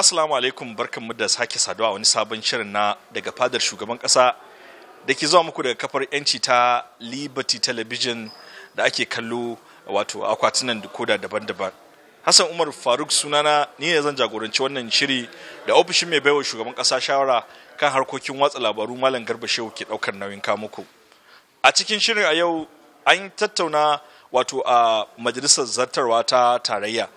assalamu alaikum barkanmu da sake saduwa wani sabon shirin na daga fadar shugaban kasa da ke zuwa muku daga kafar yanci ta liberty television da ake kallo wato akwatunan koda daban-daban hassan umar faruk sunana ni ne zan jagoranci wannan shiri da ofishin mai baiwa shugaban kasa shawara kan harkokin watsa labaru malam garba shehu ke daukar nauyin kamuku a cikin shirin a yau an tattauna wato a majalisar zartarwa ta tarayya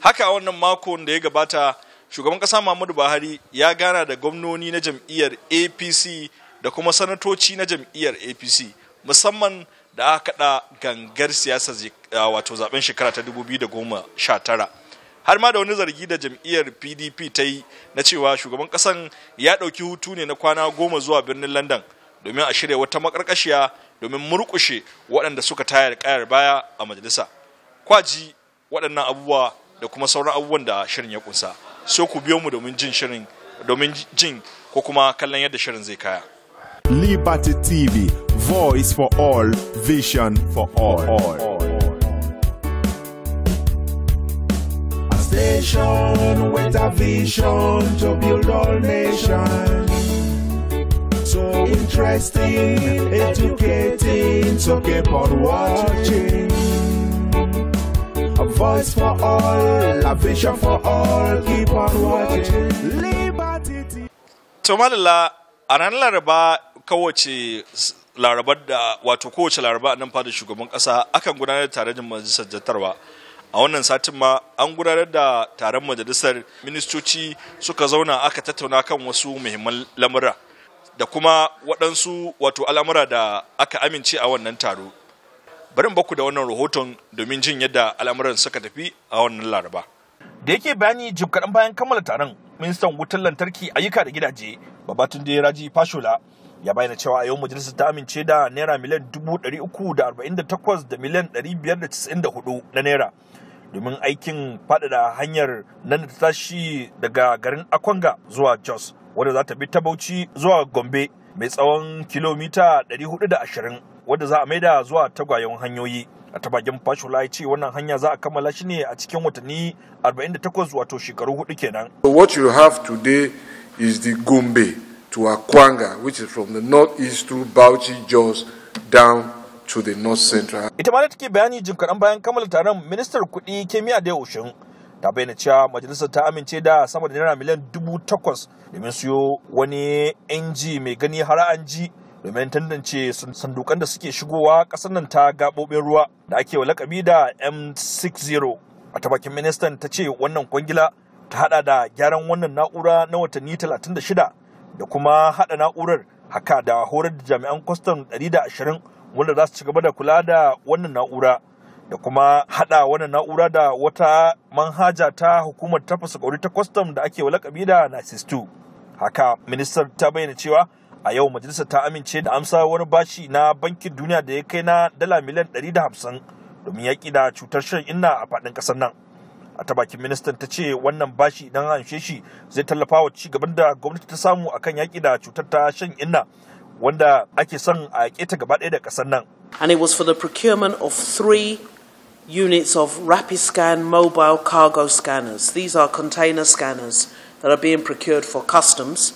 haka a wannan makon da ya gabata shugaban ƙasa muhammadu buhari ya gana da gwamnoni na jam'iyyar apc da kuma sanatoci na jam'iyyar apc musamman da aka kada gangar siyasar wato zaben shekara ta 2019 har ma da wani zargi da jam'iyyar pdp ta yi na cewa shugaban ƙasan ya ɗauki hutu ne na kwana goma zuwa birnin london domin a shirya wata makarkashiya domin murƙushe waɗanda suka tayar kayar baya a majalisa kwaji waɗannan abubuwa da kuma sauran abubuwan da shirin ya kunsa. sai ku biyo mu domin jin shirin domin jin ko kuma kallon yadda shirin zai kaya. Liberty TV, voice for all, vision for all. A station with a vision to build all nations. So interesting, educating, so keep on watching. voice for all, a vision for all, keep on watching. Liberty. a ranar Laraba kawace larabar da wato kowace laraba a nan fada shugaban kasa akan gudanar da taron majalisar jattarwa a wannan satin ma an gudanar da taron majalisar ministoci suka zauna aka tattauna kan wasu muhimman lamura da kuma waɗansu wato al'amura da aka amince a wannan taro bari in baku da wannan rahoton domin jin yadda al'amuran suka tafi a wannan laraba da yake bayani jim kaɗan bayan kammala taron ministan wutar lantarki ayyuka da gidaje babatunde raji fashola ya bayyana cewa a yau majalisar ta amince da naira miliyan dubu ɗari uku da arba'in da da takwas miliyan ɗari biyar da da hudu na naira domin aikin faɗaɗa hanyar nan da ta tashi daga garin akwanga zuwa jos wadda za ta bi ta bauchi zuwa gombe mai tsawon kilomita 420 wadda za a maida zuwa tagwayen hanyoyi a tabagen fashola ya ce wannan hanya za a kammala shi ne a cikin watanni 48 wato shekaru hudu kenan. So what you have today is the Gombe to Akwanga which is from the northeast to Bauchi Jos down to the north central. Ita ma da take bayani jin kaɗan bayan kammala taron ministar kuɗi Kemiya da Oshin ta bayyana cewa majalisar ta amince da sama da naira miliyan dubu takwas domin siyo wani inji mai gani har an ji domin tantance sandukan da suke shigowa kasar nan ta gaɓoɓin ruwa da ake wa lakabi da M60. A ministan ta ce wannan kwangila ta hada da gyaran wannan na'ura na watanni 36 da kuma hada na'urar haka da horar da jami'an kwastam 120 wanda za su ci gaba da kula da wannan na'ura da kuma hada wannan na'ura da wata manhaja ta hukumar tafasa kauri ta kwastam da ake lakabi da na haka ministan ta bayyana cewa a yau majalisar ta amince da amsa wani bashi na bankin duniya da ya kai na dala miliyan 150 domin yaƙi da cutar shan inna a faɗin ƙasar nan a ta bakin ministan ta ce wannan bashi idan hanshe shi zai tallafa wa ci gaban da gwamnati ta samu akan yaƙi da cutar ta shan inna wanda ake son a yaƙe ta gaba ɗaya da ƙasar nan and it was for the procurement of three units of rapid scan mobile cargo scanners these are container scanners that are being procured for customs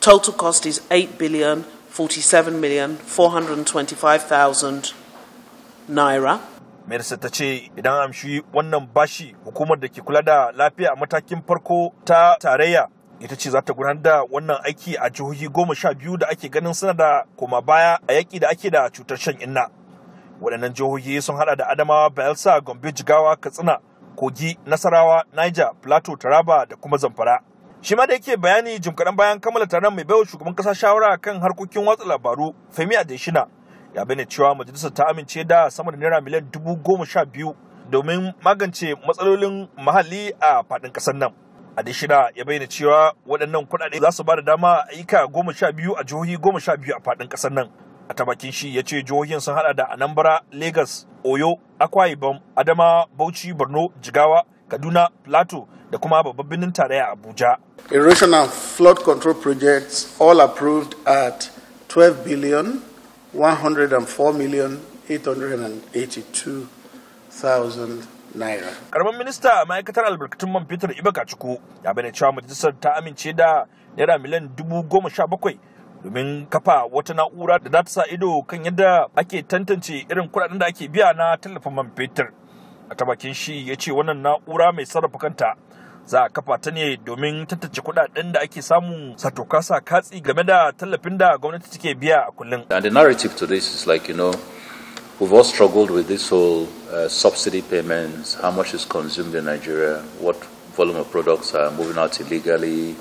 Total cost is eight billion forty seven million four hundred twenty five thousand naira. Mersa ta ce idan amshi wannan bashi hukumar da ke kula da lafiya a matakin farko ta tarayya ita ce za ta gudanar da wannan aiki a jihohi goma sha biyu da ake ganin suna da koma baya a yaƙi da ake da cutar shan inna. Waɗannan jihohi sun haɗa da Adamawa, Bayelsa, Gombe, Jigawa, Katsina, Kogi, Nasarawa, Niger, Plateau, Taraba da kuma Zamfara. shi ma da yake bayani jim kaɗan bayan kammala taron mai baiwa shugaban ƙasa shawara kan harkokin watsa labaru femi adeshina ya bayyana cewa majalisar ta amince da sama da naira miliyan dubu goma sha biyu domin magance matsalolin muhalli a faɗin ƙasar nan adeshina ya bayyana cewa waɗannan kuɗaɗe za su ba da dama ayyuka goma sha biyu a jihohi goma sha biyu a faɗin ƙasar nan a ta shi ya ce jihohin sun haɗa da anambra lagos oyo akwa ibom adama bauchi borno jigawa kaduna plateau da kuma babban birnin tarayya abuja erosion and flood control projects all approved at 12 billion 104 million 882 thousand naira. Karamin minista ma'aikatar albarkatun man fetur ibaka ciko ya bane cewa majalisar ta amince da naira miliyan dubu goma sha bakwai domin kafa wata na'ura da za ta sa ido kan yadda ake tantance irin kudaden da ake biya na tallafin man fetur. a ta bakin shi ya ce wannan na'ura mai sarrafa kanta za a kafa ta ne domin tantance kudaden da ake samu satokasa katsi game da tallafin da gwamnati take biya a kullum. And the narrative to this is like, you know, we've all struggled with this whole uh, subsidy payments, how much is consumed in Nigeria, what volume of products are moving out illegally,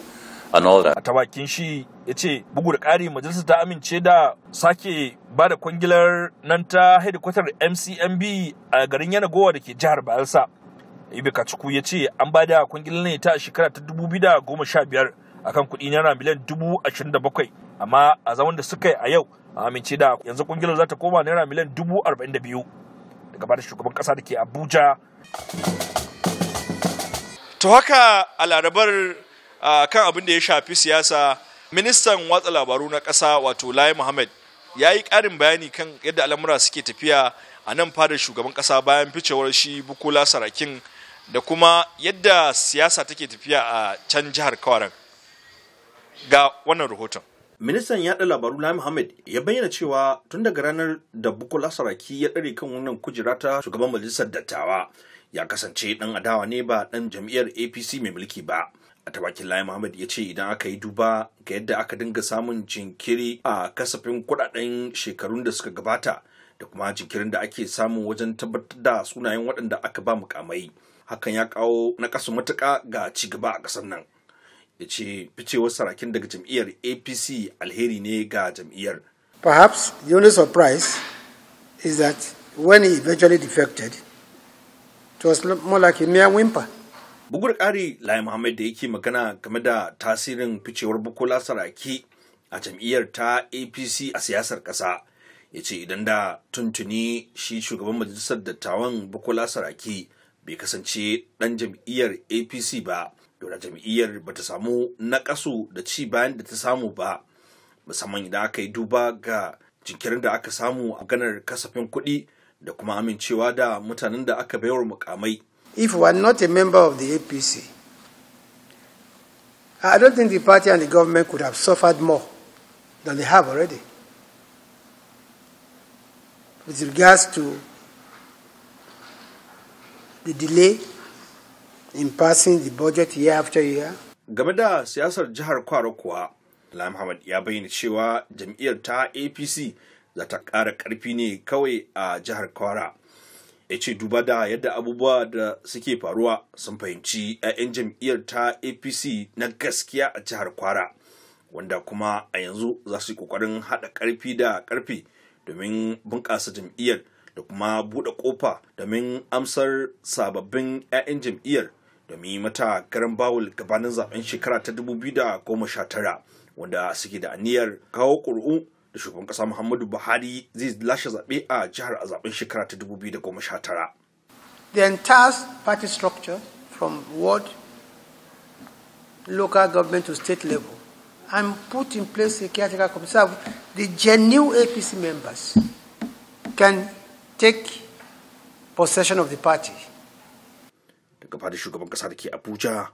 and A tawakin shi ya ce bugu da ƙari majalisar ta amince da sake ba da kwangilar nan ta hedikwatar MCMB a garin Yanagowa da ke jihar Bayelsa. Ibe Kacuku ya ce an ba da kwangilar ne ta shekara ta 2015 akan kuɗi naira miliyan bakwai amma a zaman da suka yi a yau a amince da yanzu kwangilar za ta koma naira miliyan biyu daga ba shugaban ƙasa da ke Abuja. To haka a larabar kan abin da ya shafi siyasa ministan watsa labaru na ƙasa wato lai muhammad ya yi ƙarin bayani kan yadda al'amura suke tafiya a nan fadar shugaban ƙasa bayan ficewar shi bukola sarakin da kuma yadda siyasa take tafiya a can jihar kawaran ga wannan rahoton ministan yaɗa labaru lai muhammad ya bayyana cewa tun daga ranar da bukola saraki ya ɗare kan wannan kujera ta shugaban majalisar dattawa ya kasance ɗan adawa ne ba ɗan jam'iyyar apc mai mulki ba a tabakin lai muhammad ya ce idan aka yi duba ga yadda aka dinga samun jinkiri a kasafin kudaden shekarun da suka gabata da kuma jinkirin da ake samu wajen tabbatar da sunayen waɗanda aka ba mukamai hakan ya kawo na ƙasa matuka ga ci gaba a ƙasar nan ya ce ficewar sarakin daga jam'iyyar apc alheri ne ga jam'iyyar perhaps the only surprise is that when he eventually defected it was more like a mere whimper bugur ƙari lai muhammad da yake magana game da tasirin ficewar bukola saraki a jam'iyyar ta apc a siyasar ƙasa ya ce idan da tuntuni shi shugaban majalisar dattawan bukola saraki bai kasance ɗan jam'iyyar apc ba dora jam'iyyar ba ta samu naƙasu da ci bayan da ta samu ba musamman idan aka yi duba ga jinkirin da aka samu a ganar kasafin kuɗi da kuma amincewa da mutanen da aka baiwar mukamai if we are not a member of the APC, I don't think the party and the government could have suffered more than they have already. With regards to the delay in passing the budget year after year. Game da siyasar jihar Kwaro kuwa, Lai Muhammad ya bayyana cewa jam'iyyar ta APC za ta ƙara ƙarfi a jihar Kwara. ya ce duba da yadda abubuwa da suke faruwa sun fahimci 'ya'yan jam'iyyar ta apc na gaskiya a jihar kwara wanda kuma a yanzu za su yi kokarin haɗa ƙarfi da ƙarfi domin bunƙasa jam'iyyar da kuma buɗe ƙofa domin amsar sababbin 'ya'yan jam'iyyar domin mata garan bawul gabanin zaben shekara ta 2019 wanda suke da aniyar kawo ƙuri'u da shugaban kasa muhammadu buhari zai lashe zaɓe a jihar a zaɓen shekara ta 2019 the entire party structure from ward local government to state level and put in place a caretaker committee so the genuine apc members can take possession of the party daga fadar shugaban kasa da ke abuja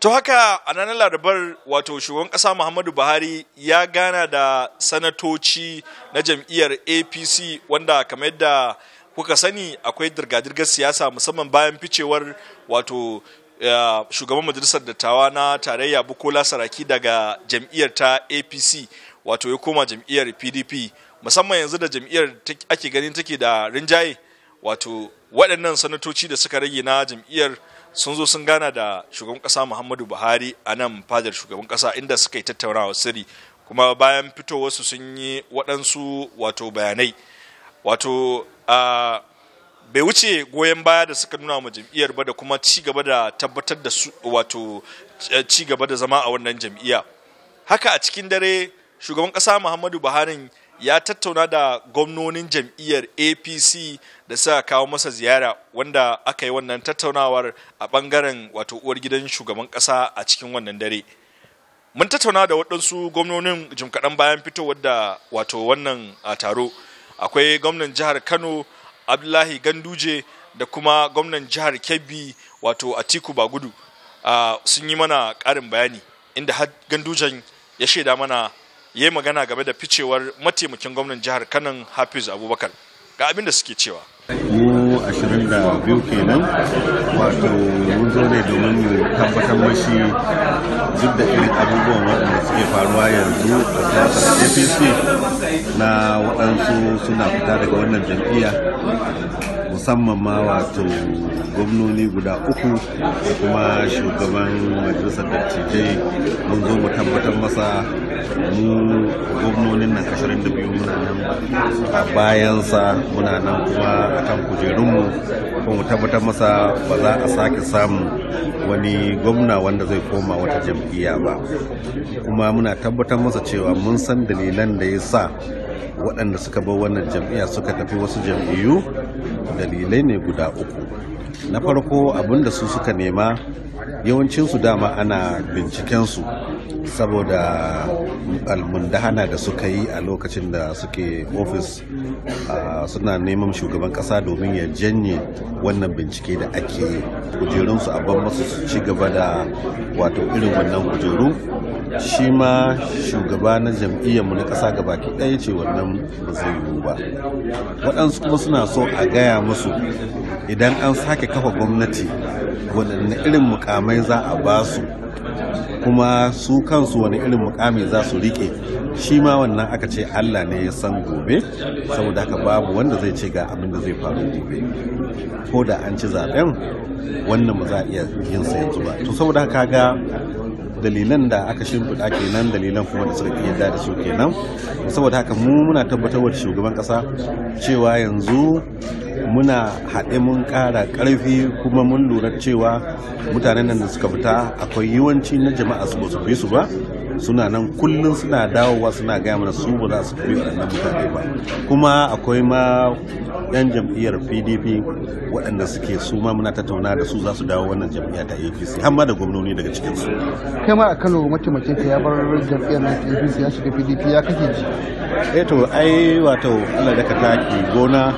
To haka a ranar Larabar wato shugaban ƙasa Muhammadu Buhari ya gana da sanatoci na jam'iyyar APC wanda kamar yadda kuka sani akwai dirga siyasa musamman bayan ficewar wato eh, shugaban majalisar dattawa na tarayya Bukola Saraki daga jam'iyyar ta APC wato ya koma jam'iyyar PDP musamman yanzu da jam'iyyar ake ganin take da rinjaye wato waɗannan sanatoci da suka rage na jam'iyyar sun zo sun gana da shugaban kasa muhammadu buhari a nan fadar shugaban kasa inda suka yi tattaunawa sirri kuma bayan fitowarsu sun yi waɗansu wato bayanai wato a bai wuce goyon baya da suka nuna ma jam'iyyar ba da kuma ci gaba da tabbatar da su wato eh, ci gaba da zama a wannan jam'iyya haka a cikin dare shugaban kasa muhammadu buhari ya tattauna da gwamnonin jam'iyyar apc da suka kawo masa ziyara wanda aka yi wannan tattaunawar a ɓangaren wato uwar gidan shugaban ƙasa a cikin wannan dare mun tattauna da waɗansu gwamnonin jim kaɗan bayan fitowar da wato wannan a taro akwai gwamnan jihar kano abdullahi ganduje da kuma gwamnan jihar kebbi wato atiku bagudu sun yi mana ƙarin bayani inda har gandujen ya shaida mana ya yi magana game da ficewar mataimakin gwamnan jihar kanan hafiz abubakar ga abin da suke cewa mu ashirin da biyu kenan wato mun zo ne domin mu tabbatar mashi duk da irin abubuwan waɗanda suke faruwa yanzu a siyasar apc na waɗansu suna fita daga wannan jam'iyya musamman ma wato gwamnoni guda uku kuma shugaban majalisar dattijai mun zo mu tabbatar masa mu gwamnonin nan 22 muna nan a bayansa muna nan kuma a kan kujerunmu kuma mu tabbatar masa ba za a sake samun wani gwamna wanda zai koma wata jam'iyya ba kuma muna tabbatar masa cewa mun san dalilan da ya sa waɗanda suka bar wannan jam'iyya suka tafi wasu jam'iyyu dalilai ne guda uku na farko abinda su suka nema yawancinsu dama ana bincikensu saboda almundahana da suka yi a lokacin da suke ofis suna neman shugaban kasa domin ya janye wannan bincike da ake kujerunsu a ban masu ci gaba da wato irin wannan kujeru shi ma shugaba na mu na ƙasa gabaki ɗaya ce wannan ba zai yiwu ba waɗansu kuma suna so a gaya musu idan an sake kafa gwamnati waɗanne irin mukamai za a ba su kuma su kansu wani irin mukami za su rike shi ma wannan aka ce allah ne ya san gobe saboda haka babu wanda zai ce ga abin da zai faru gobe ko da an ci zaben wannan ba za a iya yin sa yanzu ba to saboda haka ga dalilan da aka shimfiɗa kenan dalilan kuma da suka iya da su kenan saboda haka mu muna tabbatar wa shugaban ƙasa cewa yanzu muna haɗe mun ƙara ƙarfi kuma mun lura cewa mutanen nan da suka fita akwai yawanci na jama'a su su fi su ba suna nan kullum suna dawowa suna gaya mana su ba za su fi waɗannan mutane ba kuma akwai ma 'yan jam'iyyar pdp waɗanda suke su ma muna tattauna da su za su dawo wannan jam'iyyar ta apc har ma da gwamnoni daga cikin su kai ma a kano mataimakin ka ya bar jam'iyyar apc ya shiga pdp ya kake ji eh to ai wato allah da ka taki gona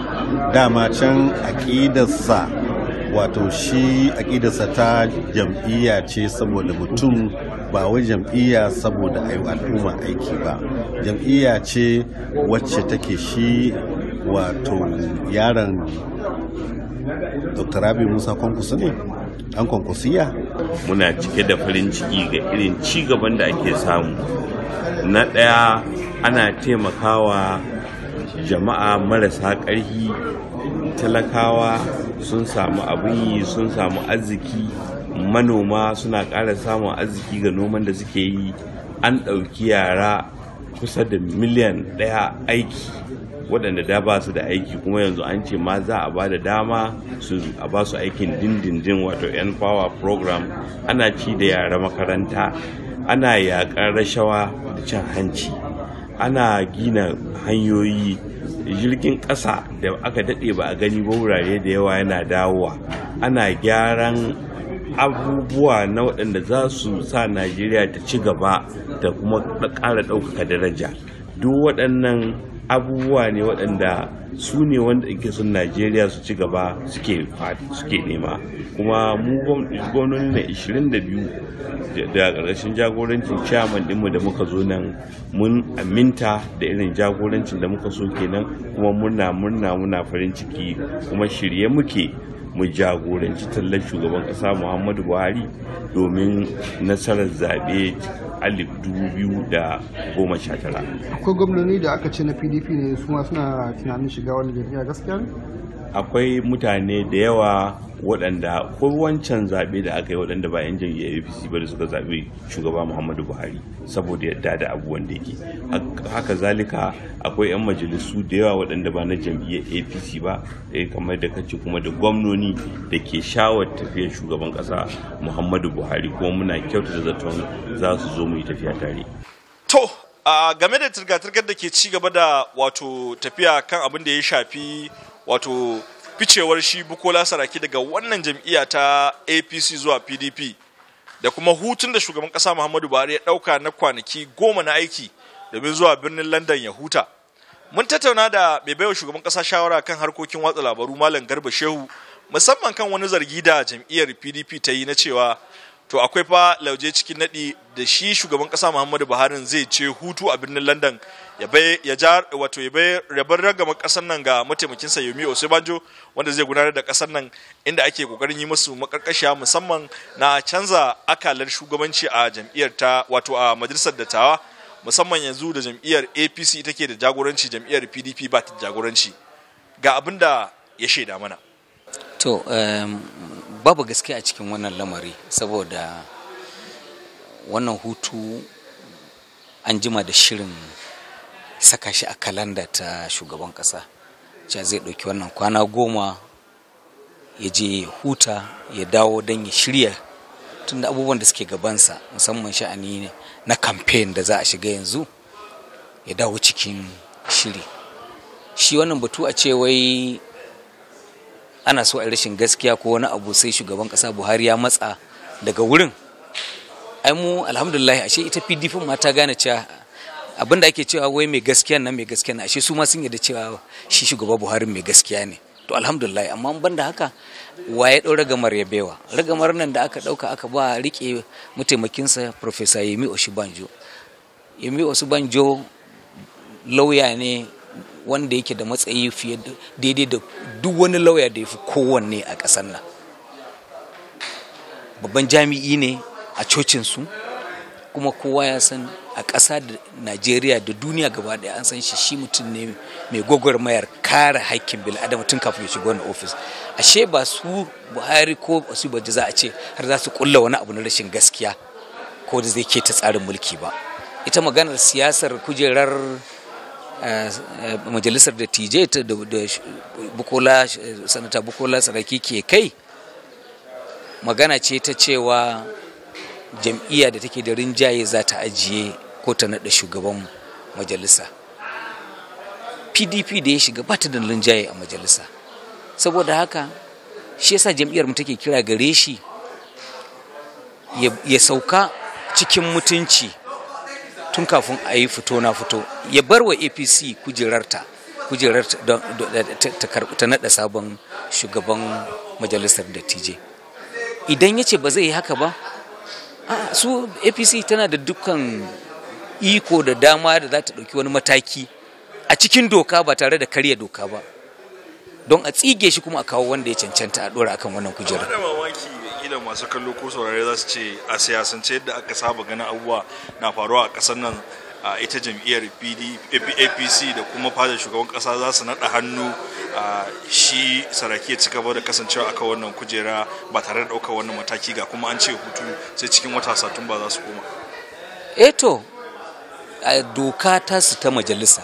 dama can aƙidarsa wato shi aƙidarsa ta jam'iyya ce saboda mutum ba wai jam'iyya saboda al'umma aiki ba jam'iyya ce wacce take shi wato yaron dr rabi musa kwankusu ne an kwankusiya muna cike da farin ciki ga irin ci gaban da ake samu na ɗaya ana taimakawa jama'a marasa ƙarfi talakawa sun samu abin yi sun samu arziki manoma suna ƙara samun arziki ga noman da suke yi an ɗauki yara kusa da miliyan ɗaya aiki waɗanda da ba su da aiki kuma yanzu an ce ma za a ba da dama su a ba su aikin dindindin wato yan power program ana ci da yara makaranta ana yaƙar rashawa da cin hanci ana gina hanyoyi jirgin ƙasa da aka daɗe ba a gani ba wurare da yawa yana dawowa ana gyaran abubuwa na waɗanda za su sa najeriya ta ci gaba da kuma ƙara ɗaukaka daraja duk waɗannan abubuwa ne waɗanda su ne wanda ake son najeriya su ci gaba suke nema kuma mu gwamnoni na 22 da ƙarshen jagorancin chairman dinmu da muka zo nan mun aminta da irin jagorancin da muka so kenan kuma murna murna muna farin ciki kuma shirye muke mu jagoranci tallar shugaban ƙasa muhammadu buhari domin nasarar zaɓe 2019 biyu da goma sha akwai gwamnoni da aka ce na pdp ne su suna tunanin shiga wani jam'iyya gaskiya akwai mutane da yawa waɗanda ko wancan zaɓe da aka yi waɗanda ba 'yan jam'iyyar apc ba da suka zaɓe shugaba muhammadu buhari saboda yadda da abubuwan da yake haka zalika akwai 'yan majalisu da yawa waɗanda ba na jam'iyyar apc ba ɗaya eh, kamar da kace kuma da gwamnoni da ke shawar tafiyar shugaban ƙasa muhammadu buhari kuma muna kyautata zaton za su zo mu yi tafiya tare to a game da turga-turgar da ke ci gaba da wato tafiya kan abin da ya shafi wato ficewar shi bukola saraki daga wannan jam'iyya ta apc zuwa pdp da kuma hutun da shugaban kasa muhammadu buhari ya dauka na kwanaki goma na aiki domin zuwa birnin london ya huta mun tattauna da mai baiwa shugaban kasa shawara kan harkokin watsa labaru malam garba shehu musamman kan wani zargi da jam'iyyar pdp ta yi na cewa to akwai fa lauje cikin nadi da shi shugaban kasa Muhammadu Buhari zai ce hutu a birnin London ya bai ya jar wato ya bai rabar ragamar kasar nan ga mataimakin sa Yomi Osibanjo wanda zai gudanar da kasar nan inda ake kokarin yi musu makarkashiya musamman na canza akalar shugabanci a jam'iyyar ta wato a majalisar dattawa musamman yanzu da jam'iyyar APC take da jagoranci jam'iyyar PDP ba ta jagoranci ga abinda ya shaida mana to babu gaske a cikin wannan lamari saboda wannan hutu an jima da shirin saka shi a kalanda ta shugaban ƙasa cewa zai ɗauki wannan kwana goma ya je ya huta ya dawo don ya shirya tunda abubuwan da suke gabansa musamman sha'ani na kamfen da za a shiga yanzu ya dawo cikin shiri shi wannan batu a ce wai ana so a rashin gaskiya ko wani abu sai shugaban kasa buhari ya matsa daga wurin ai mu alhamdulillah ashe ita pdp ma ta gane cewa Abinda da ake cewa wai mai gaskiya nan mai gaskiya na, ashe su ma sun da cewa shi shugaba buhari mai gaskiya ne to alhamdulillah amma ban da haka ya ɗau ragamar ya bewa ragamar nan da aka ɗauka aka ba riƙe mataimakinsa professor yemi osibanjo yemi osibanjo lauya ne wanda yake da matsayi fiye daidai da duk wani lauya da ya fi kowanne a ƙasar nan babban jami'i ne a cocinsu kuma kowa ya san a ƙasa da najeriya da duniya gaba ɗaya an san shi shi mutum ne mai gwagwarmayar kare haƙƙin bil' adama tun kafin ya shiga wani ofis ashe ba su buhari ko su baji za a ce har za su kulla wani abu na rashin gaskiya ko da zai ke ta tsarin mulki ba ita maganar siyasar kujerar Eh, majalisar da ta da bukola sanata bukola saraki ke kai magana ce ta cewa jam'iyya da take da rinjaye za ta ajiye ko ta naɗa shugaban majalisa pdp da ya shiga ba ta da rinjaye a majalisa saboda haka shi yasa jam'iyyar mu take kira gare shi ya sauka cikin mutunci tun kafin a yi fito na fito ya bar wa apc kujerarta kujerarta ta naɗa sabon shugaban majalisar dattijai idan ya ce ba zai yi haka ba su apc tana da dukkan iko da dama da za ta ɗauki wani mataki a cikin doka ba tare da karya doka ba don a tsige shi kuma a kawo wanda ya cancanta a ɗora akan wannan kujerar kila masu kallo ko saurare za su ce a siyasance yadda aka saba ganin abubuwa na faruwa a ƙasar nan a ita jam'iyyar apc da kuma fadar shugaban ƙasa za su naɗa hannu a shi saraki ya ci gaba da kasancewa aka wannan kujera ba tare da ɗaukar wannan mataki ga kuma an ce hutu sai cikin wata satumba za su koma eto eh doka ta su ta majalisa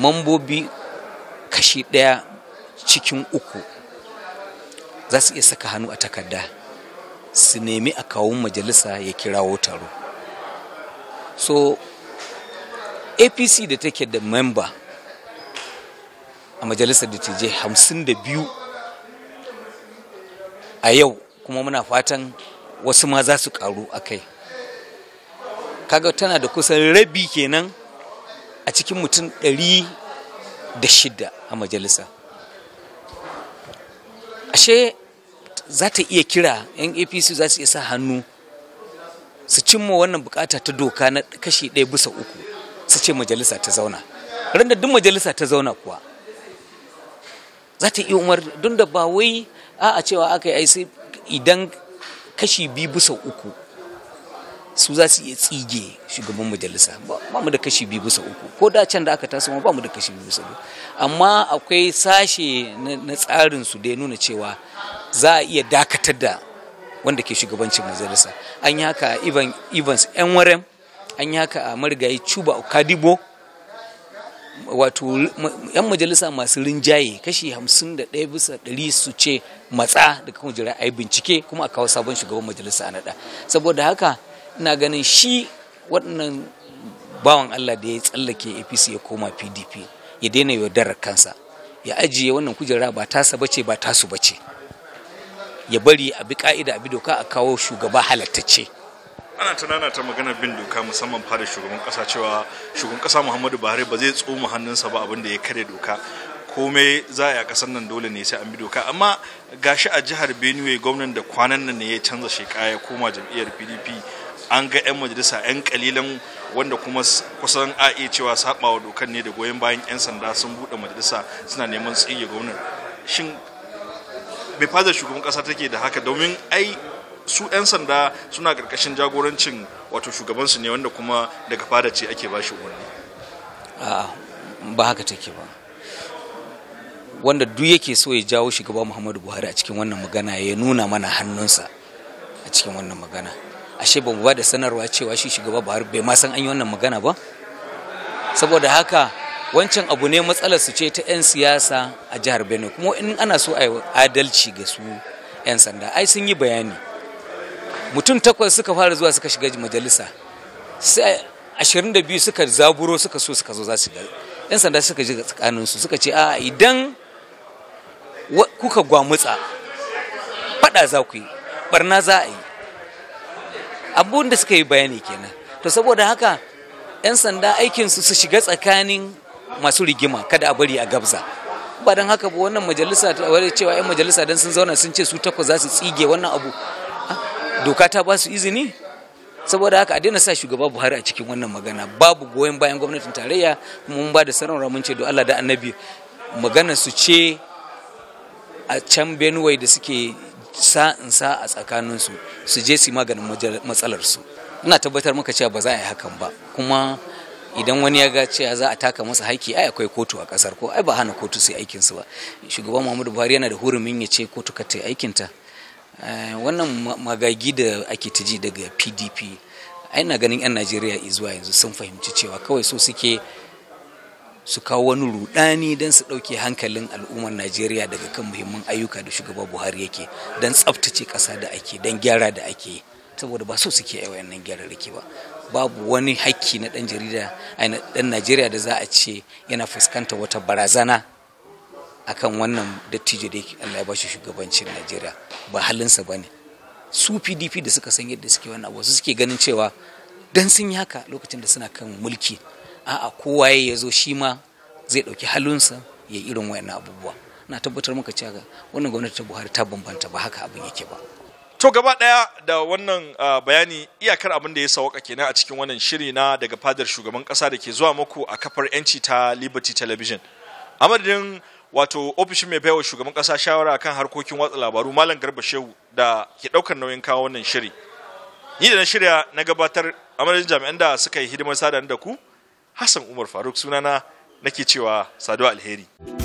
mambobi kashi ɗaya cikin uku za su iya saka hannu a takarda su nemi a kawun majalisa ya kirawo taro so apc da take da memba a majalisar dattijai hamsin da biyu a yau kuma muna fatan wasu ma za su karu a kai kaga tana da kusan rabi kenan a cikin mutum ɗari da shida a majalisa ashe za ta iya kira yan apc za su iya sa hannu su cimma wannan bukata ta doka na kashi ɗaya bisa uku su ce majalisa ta zauna randa duk majalisa ta zauna kuwa za ta iya umar don da ba wai a cewa aka yi idan kashi biyu bisa uku su za su iya tsige shugaban majalisa ba mu da kashi biyu bisa uku ko da can da aka taso ba mu da kashi biyu bisa uku amma akwai sashe na tsarin su da ya nuna cewa za a iya dakatar da wanda ke shugabancin majalisa an yi haka a evans enwarem an yi haka a marigayi cuba Kadibo. wato yan majalisa masu rinjaye kashi hamsin da ɗaya bisa ɗari su ce matsa daga kuma jira a yi bincike kuma a kawo sabon shugaban majalisa a naɗa saboda haka ina ganin shi waɗannan bawan Allah da ya tsallake APC ya koma PDP ya daina yaudarar kansa ya ajiye wannan kujera ba tasa bace ba tasu bace ya bari a bi ka'ida a bi doka a kawo shugaba halattacce ana tunana ta magana bin doka musamman fara shugaban kasa cewa shugaban kasa muhammadu buhari ba zai tsoma hannunsa ba abin da ya kare doka komai za a yi kasar nan dole ne sai an bi doka amma gashi a jihar benue gwamnan da kwanan nan ne ya canza sheka ya koma jam'iyyar pdp an ga 'yan majalisa 'yan kalilan wanda kuma kusan a iya cewa sabawa dokan ne da goyon bayan 'yan sanda sun buɗe majalisa suna neman tsige gwamnan shin bai fadar shugaban kasa take da haka domin ai su 'yan sanda suna karkashin jagorancin wato shugabansu ne wanda kuma daga fada ce ake ba shi wani. ba haka take ba wanda duk yake so ya jawo shugaba muhammadu buhari a cikin wannan magana ya nuna mana hannunsa a cikin wannan magana ashe ba mu ba da sanarwa cewa shi shugaba Buhari bai ma san an yi wannan magana ba saboda haka wancan abu ne matsalar su ce ta 'yan siyasa a jihar Benue kuma in ana so a yi adalci ga su 'yan sanda ai sun yi bayani mutum takwas suka fara zuwa suka shiga majalisa sai ashirin da biyu suka zaburo suka so suka zo za su 'yan sanda suka ji tsakaninsu suka ce a idan kuka gwamutsa fada za ku yi barna za a yi abubuwan da suka yi bayani kenan to saboda haka 'yan sanda aikinsu su shiga tsakanin masu rigima kada a bari a gabza ba don haka ba wannan majalisa ta wani cewa 'yan majalisa don sun zauna sun ce su takwas za su tsige wannan abu ah, doka ta ba su izini saboda haka a daina sa shugaba buhari a cikin wannan magana babu goyon bayan gwamnatin tarayya kuma mun ba da sanar mun ce allah da annabi magana su ce a can benue da suke sa in sa a tsakaninsu su je su maganin matsalarsu ina tabbatar maka cewa ba za a yi hakan ba kuma idan wani ya ga cewa za a taka masa haƙƙi ai akwai kotu a ƙasar ko ai ba hana kotu sai aikin su ba shugaban Muhammadu Buhari yana da hurumin ya ce kotu ka ta aikin ta eh, wannan magagi da ake ji daga PDP ai na ganin yan Najeriya zuwa yanzu sun fahimci cewa kawai so suke su kawo wani rudani don su ɗauke hankalin al'ummar najeriya daga kan muhimman ayyuka da shugaba buhari yake don tsaftace ƙasa da ake don gyara da ake saboda ba so suke yi wayannan gyararraki ba babu wani hakki na ɗan jarida ɗan najeriya da za a ce yana fuskanta wata barazana akan wannan dattijo da allah ya bashi shugabancin najeriya ba halinsa ba ne su pdp da suka san yadda suke wannan abu su suke ganin cewa dan sun yi haka lokacin da suna kan mulki a'a kowa ya zo shi ma zai ɗauki halinsa ya irin wayannan abubuwa na tabbatar maka cewa wannan gwamnati ta buhari ta bambanta ba haka abin yake ba to gaba daya da wannan bayani iyakar abin da ya sawaka kenan a cikin wannan shiri na daga fadar shugaban kasa da ke zuwa muku a kafar yanci ta liberty television amadin wato ofishin mai baiwa shugaban kasa shawara kan harkokin watsa labaru malam garba shehu da ke daukar nauyin kawo wannan shiri ni da na shirya na gabatar a jami'an da suka yi hidimar sada da ku Hassan Umar Faruk sunana nake cewa saduwa alheri.